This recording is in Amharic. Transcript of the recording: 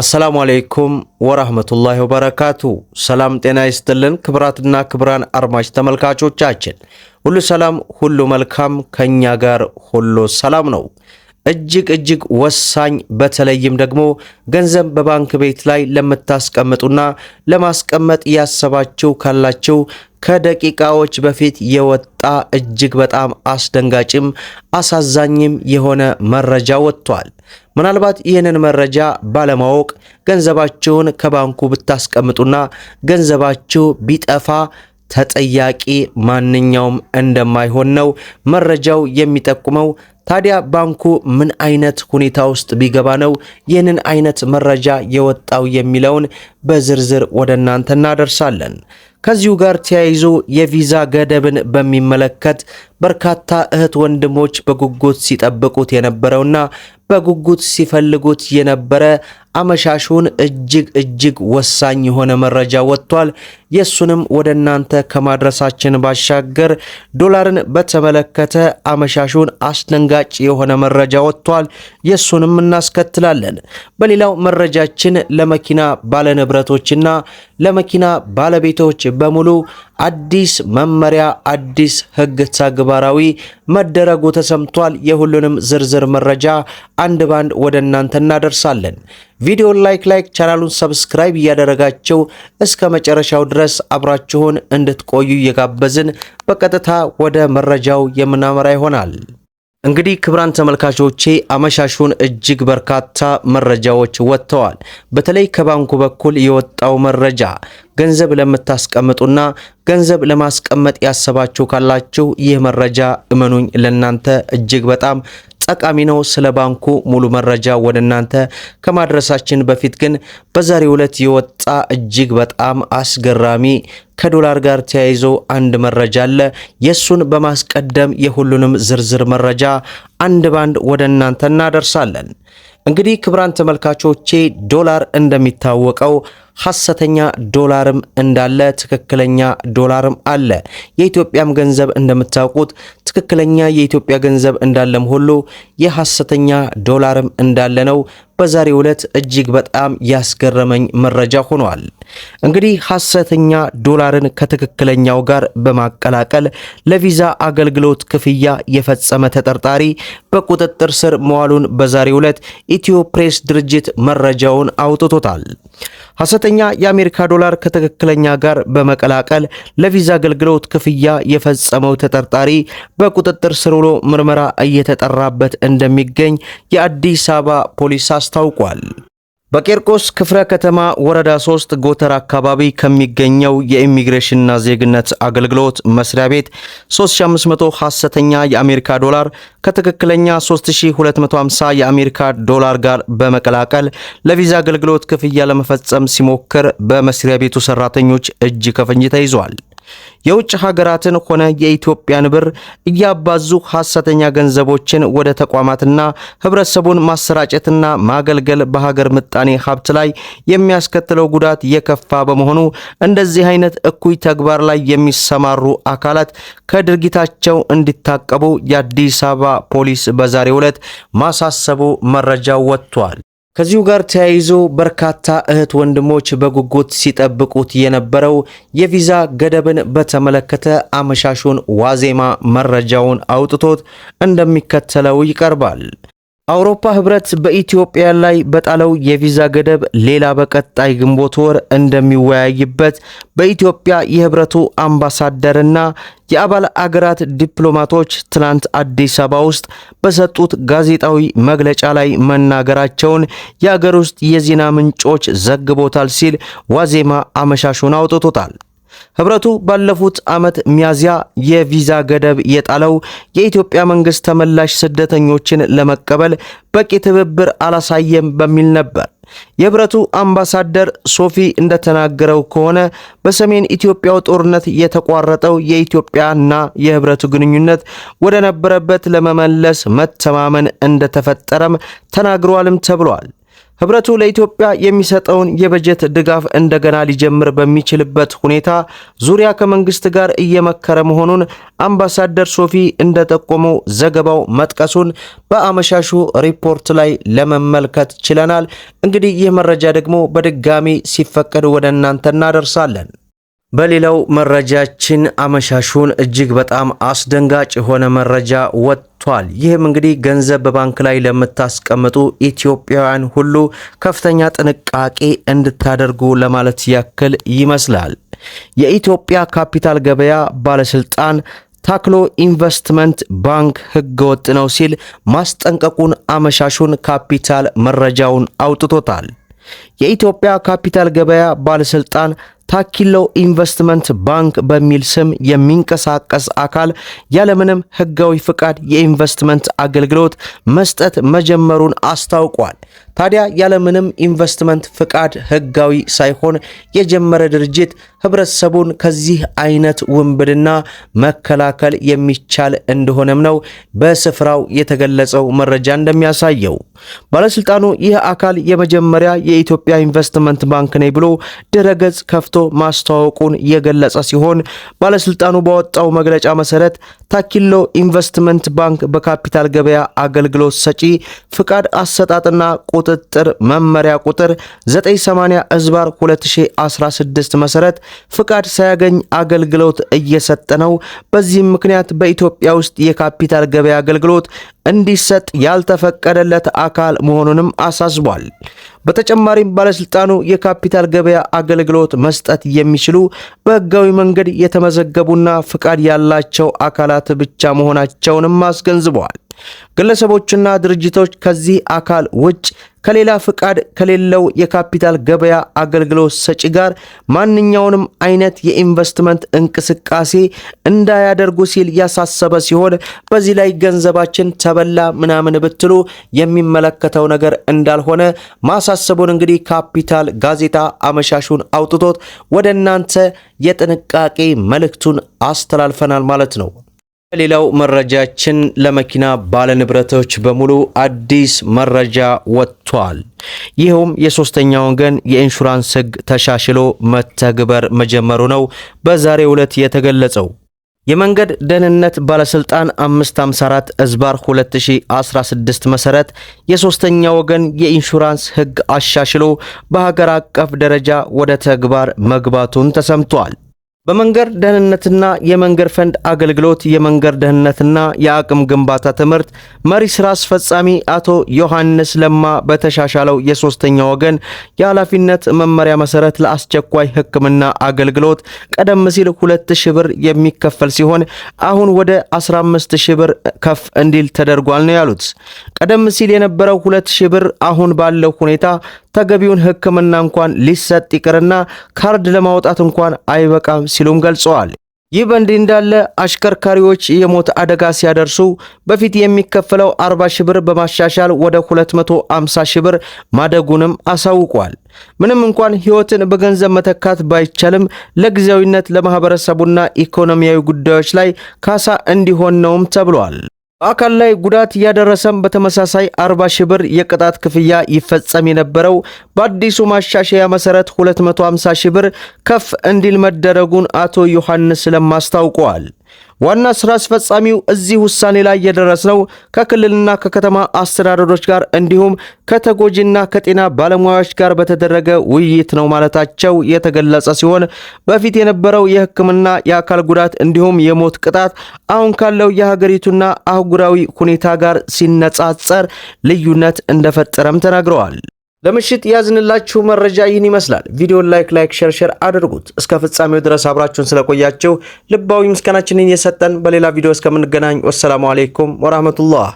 አሰላሙ አሌይኩም ወራህመቱላሂ ወበረካቱ። ሰላም ጤና ይስጥልን ክብራትና ክብራን አድማጭ ተመልካቾቻችን ሁሉ ሰላም ሁሉ መልካም፣ ከእኛ ጋር ሁሉ ሰላም ነው። እጅግ እጅግ ወሳኝ በተለይም ደግሞ ገንዘብ በባንክ ቤት ላይ ለምታስቀምጡና ለማስቀመጥ ያሰባችሁ ካላችሁ ከደቂቃዎች በፊት የወጣ እጅግ በጣም አስደንጋጭም አሳዛኝም የሆነ መረጃ ወጥቷል። ምናልባት ይህንን መረጃ ባለማወቅ ገንዘባችሁን ከባንኩ ብታስቀምጡና ገንዘባችሁ ቢጠፋ ተጠያቂ ማንኛውም እንደማይሆን ነው መረጃው የሚጠቁመው። ታዲያ ባንኩ ምን አይነት ሁኔታ ውስጥ ቢገባ ነው ይህንን አይነት መረጃ የወጣው የሚለውን በዝርዝር ወደ እናንተ እናደርሳለን። ከዚሁ ጋር ተያይዞ የቪዛ ገደብን በሚመለከት በርካታ እህት ወንድሞች በጉጉት ሲጠብቁት የነበረውና በጉጉት ሲፈልጉት የነበረ አመሻሹን እጅግ እጅግ ወሳኝ የሆነ መረጃ ወጥቷል። የሱንም ወደ እናንተ ከማድረሳችን ባሻገር ዶላርን በተመለከተ አመሻሹን አስደንጋጭ የሆነ መረጃ ወጥቷል። የሱንም እናስከትላለን። በሌላው መረጃችን ለመኪና ባለንብረቶችና ለመኪና ባለቤቶች በሙሉ አዲስ መመሪያ አዲስ ሕግ ተግባራዊ መደረጉ ተሰምቷል። የሁሉንም ዝርዝር መረጃ አንድ ባንድ ወደ እናንተ እናደርሳለን። ቪዲዮን ላይክ ላይክ ቻናሉን ሰብስክራይብ እያደረጋቸው እስከ መጨረሻው ድረስ አብራችሁን እንድትቆዩ እየጋበዝን በቀጥታ ወደ መረጃው የምናመራ ይሆናል። እንግዲህ ክብራን ተመልካቾቼ አመሻሹን እጅግ በርካታ መረጃዎች ወጥተዋል። በተለይ ከባንኩ በኩል የወጣው መረጃ ገንዘብ ለምታስቀምጡና ገንዘብ ለማስቀመጥ ያሰባችሁ ካላችሁ ይህ መረጃ እመኑኝ ለናንተ እጅግ በጣም ጠቃሚ ነው። ስለ ባንኩ ሙሉ መረጃ ወደ እናንተ ከማድረሳችን በፊት ግን በዛሬው ዕለት የወጣ እጅግ በጣም አስገራሚ ከዶላር ጋር ተያይዞ አንድ መረጃ አለ። የሱን በማስቀደም የሁሉንም ዝርዝር መረጃ አንድ ባንድ ወደ እናንተ እናደርሳለን። እንግዲህ ክቡራን ተመልካቾቼ ዶላር እንደሚታወቀው ሐሰተኛ ዶላርም እንዳለ ትክክለኛ ዶላርም አለ። የኢትዮጵያም ገንዘብ እንደምታውቁት ትክክለኛ የኢትዮጵያ ገንዘብ እንዳለም ሁሉ የሐሰተኛ ዶላርም እንዳለ ነው። በዛሬው ዕለት እጅግ በጣም ያስገረመኝ መረጃ ሆኗል። እንግዲህ ሐሰተኛ ዶላርን ከትክክለኛው ጋር በማቀላቀል ለቪዛ አገልግሎት ክፍያ የፈጸመ ተጠርጣሪ በቁጥጥር ስር መዋሉን በዛሬው ዕለት ኢትዮ ፕሬስ ድርጅት መረጃውን አውጥቶታል። ሐሰተኛ የአሜሪካ ዶላር ከትክክለኛ ጋር በመቀላቀል ለቪዛ አገልግሎት ክፍያ የፈጸመው ተጠርጣሪ በቁጥጥር ስር ውሎ ምርመራ እየተጠራበት እንደሚገኝ የአዲስ አበባ ፖሊስ አስታውቋል። በቂርቆስ ክፍለ ከተማ ወረዳ 3 ጎተራ አካባቢ ከሚገኘው የኢሚግሬሽንና ዜግነት አገልግሎት መስሪያ ቤት 3500 ሐሰተኛ የአሜሪካ ዶላር ከትክክለኛ 3250 የአሜሪካ ዶላር ጋር በመቀላቀል ለቪዛ አገልግሎት ክፍያ ለመፈጸም ሲሞክር በመስሪያ ቤቱ ሰራተኞች እጅ ከፍንጅ ተይዟል። የውጭ ሀገራትን ሆነ የኢትዮጵያን ብር እያባዙ ሐሰተኛ ገንዘቦችን ወደ ተቋማትና ህብረተሰቡን ማሰራጨትና ማገልገል በሀገር ምጣኔ ሀብት ላይ የሚያስከትለው ጉዳት የከፋ በመሆኑ እንደዚህ አይነት እኩይ ተግባር ላይ የሚሰማሩ አካላት ከድርጊታቸው እንዲታቀቡ የአዲስ አበባ ፖሊስ በዛሬው ዕለት ማሳሰቡ መረጃው ወጥቷል። ከዚሁ ጋር ተያይዞ በርካታ እህት ወንድሞች በጉጉት ሲጠብቁት የነበረው የቪዛ ገደብን በተመለከተ አመሻሹን ዋዜማ መረጃውን አውጥቶት እንደሚከተለው ይቀርባል። አውሮፓ ህብረት በኢትዮጵያ ላይ በጣለው የቪዛ ገደብ ሌላ በቀጣይ ግንቦት ወር እንደሚወያይበት በኢትዮጵያ የህብረቱ አምባሳደርና የአባል አገራት ዲፕሎማቶች ትናንት አዲስ አበባ ውስጥ በሰጡት ጋዜጣዊ መግለጫ ላይ መናገራቸውን የአገር ውስጥ የዜና ምንጮች ዘግቦታል ሲል ዋዜማ አመሻሹን አውጥቶታል። ህብረቱ ባለፉት ዓመት ሚያዝያ የቪዛ ገደብ የጣለው የኢትዮጵያ መንግስት ተመላሽ ስደተኞችን ለመቀበል በቂ ትብብር አላሳየም በሚል ነበር። የህብረቱ አምባሳደር ሶፊ እንደተናገረው ከሆነ በሰሜን ኢትዮጵያው ጦርነት የተቋረጠው የኢትዮጵያና የህብረቱ ግንኙነት ወደ ነበረበት ለመመለስ መተማመን እንደተፈጠረም ተናግሯልም ተብሏል። ህብረቱ ለኢትዮጵያ የሚሰጠውን የበጀት ድጋፍ እንደገና ሊጀምር በሚችልበት ሁኔታ ዙሪያ ከመንግስት ጋር እየመከረ መሆኑን አምባሳደር ሶፊ እንደጠቆመው ዘገባው መጥቀሱን በአመሻሹ ሪፖርት ላይ ለመመልከት ችለናል። እንግዲህ ይህ መረጃ ደግሞ በድጋሚ ሲፈቀድ ወደ እናንተ እናደርሳለን። በሌላው መረጃችን አመሻሹን እጅግ በጣም አስደንጋጭ የሆነ መረጃ ወጥቷል። ይህም እንግዲህ ገንዘብ በባንክ ላይ ለምታስቀምጡ ኢትዮጵያውያን ሁሉ ከፍተኛ ጥንቃቄ እንድታደርጉ ለማለት ያክል ይመስላል። የኢትዮጵያ ካፒታል ገበያ ባለስልጣን ታክሎ ኢንቨስትመንት ባንክ ወጥ ነው ሲል ማስጠንቀቁን አመሻሹን ካፒታል መረጃውን አውጥቶታል። የኢትዮጵያ ካፒታል ገበያ ባለስልጣን ታኪሎ ኢንቨስትመንት ባንክ በሚል ስም የሚንቀሳቀስ አካል ያለምንም ሕጋዊ ፍቃድ የኢንቨስትመንት አገልግሎት መስጠት መጀመሩን አስታውቋል። ታዲያ ያለምንም ኢንቨስትመንት ፍቃድ ሕጋዊ ሳይሆን የጀመረ ድርጅት ህብረተሰቡን ከዚህ አይነት ውንብድና መከላከል የሚቻል እንደሆነም ነው በስፍራው የተገለጸው መረጃ እንደሚያሳየው። ባለስልጣኑ ይህ አካል የመጀመሪያ የኢትዮጵያ ኢንቨስትመንት ባንክ ነኝ ብሎ ድረገጽ ከፍቶ ማስተዋወቁን የገለጸ ሲሆን ባለስልጣኑ ባወጣው መግለጫ መሰረት ታኪሎ ኢንቨስትመንት ባንክ በካፒታል ገበያ አገልግሎት ሰጪ ፍቃድ አሰጣጥና ቁጥጥር መመሪያ ቁጥር 980 እዝባር 2016 መሰረት ፍቃድ ሳያገኝ አገልግሎት እየሰጠ ነው። በዚህም ምክንያት በኢትዮጵያ ውስጥ የካፒታል ገበያ አገልግሎት እንዲሰጥ ያልተፈቀደለት አካል መሆኑንም አሳስቧል። በተጨማሪም ባለስልጣኑ የካፒታል ገበያ አገልግሎት መስጠት የሚችሉ በህጋዊ መንገድ የተመዘገቡና ፍቃድ ያላቸው አካላት ብቻ መሆናቸውንም አስገንዝበዋል። ግለሰቦችና ድርጅቶች ከዚህ አካል ውጭ ከሌላ ፍቃድ ከሌለው የካፒታል ገበያ አገልግሎት ሰጪ ጋር ማንኛውንም አይነት የኢንቨስትመንት እንቅስቃሴ እንዳያደርጉ ሲል ያሳሰበ ሲሆን በዚህ ላይ ገንዘባችን ተበላ ምናምን ብትሉ የሚመለከተው ነገር እንዳልሆነ ማሳሰቡን እንግዲህ ካፒታል ጋዜጣ አመሻሹን አውጥቶት ወደ እናንተ የጥንቃቄ መልእክቱን አስተላልፈናል ማለት ነው። ሌላው መረጃችን ለመኪና ባለንብረቶች በሙሉ አዲስ መረጃ ወጥቷል። ይኸውም የሶስተኛ ወገን የኢንሹራንስ ሕግ ተሻሽሎ መተግበር መጀመሩ ነው በዛሬ ዕለት የተገለጸው። የመንገድ ደህንነት ባለስልጣን 554 እዝባር 2016 መሰረት የሶስተኛ ወገን የኢንሹራንስ ሕግ አሻሽሎ በሀገር አቀፍ ደረጃ ወደ ተግባር መግባቱን ተሰምቷል። በመንገድ ደህንነትና የመንገድ ፈንድ አገልግሎት የመንገድ ደህንነትና የአቅም ግንባታ ትምህርት መሪ ስራ አስፈጻሚ አቶ ዮሐንስ ለማ በተሻሻለው የሶስተኛ ወገን የኃላፊነት መመሪያ መሰረት ለአስቸኳይ ሕክምና አገልግሎት ቀደም ሲል 2000 ብር የሚከፈል ሲሆን አሁን ወደ 15000 ብር ከፍ እንዲል ተደርጓል ነው ያሉት። ቀደም ሲል የነበረው 2000 ብር አሁን ባለው ሁኔታ ተገቢውን ሕክምና እንኳን ሊሰጥ ይቅርና ካርድ ለማውጣት እንኳን አይበቃም ሲሉም ገልጸዋል። ይህ በእንዲህ እንዳለ አሽከርካሪዎች የሞት አደጋ ሲያደርሱ በፊት የሚከፈለው 40 ሺህ ብር በማሻሻል ወደ 250 ሺህ ብር ማደጉንም አሳውቋል። ምንም እንኳን ሕይወትን በገንዘብ መተካት ባይቻልም ለጊዜያዊነት ለማህበረሰቡና ኢኮኖሚያዊ ጉዳዮች ላይ ካሳ እንዲሆን ነውም ተብሏል። በአካል ላይ ጉዳት እያደረሰም በተመሳሳይ 40 ሺህ ብር የቅጣት ክፍያ ይፈጸም የነበረው በአዲሱ ማሻሻያ መሰረት 250 ሺህ ብር ከፍ እንዲል መደረጉን አቶ ዮሐንስ ለማ አስታውቀዋል። ዋና ስራ አስፈጻሚው እዚህ ውሳኔ ላይ የደረስነው ከክልልና ከከተማ አስተዳደሮች ጋር እንዲሁም ከተጎጂና ከጤና ባለሙያዎች ጋር በተደረገ ውይይት ነው ማለታቸው የተገለጸ ሲሆን በፊት የነበረው የሕክምና የአካል ጉዳት እንዲሁም የሞት ቅጣት አሁን ካለው የሀገሪቱና አህጉራዊ ሁኔታ ጋር ሲነጻጸር ልዩነት እንደፈጠረም ተናግረዋል። ለምሽት ያዝንላችሁ መረጃ ይህን ይመስላል። ቪዲዮን ላይክ ላይክ ሼር ሼር አድርጉት። እስከ ፍጻሜው ድረስ አብራችሁን ስለቆያችሁ ልባዊ ምስጋናችንን እየሰጠን በሌላ ቪዲዮ እስከምንገናኝ ወሰላሙ አሌይኩም ወራህመቱላህ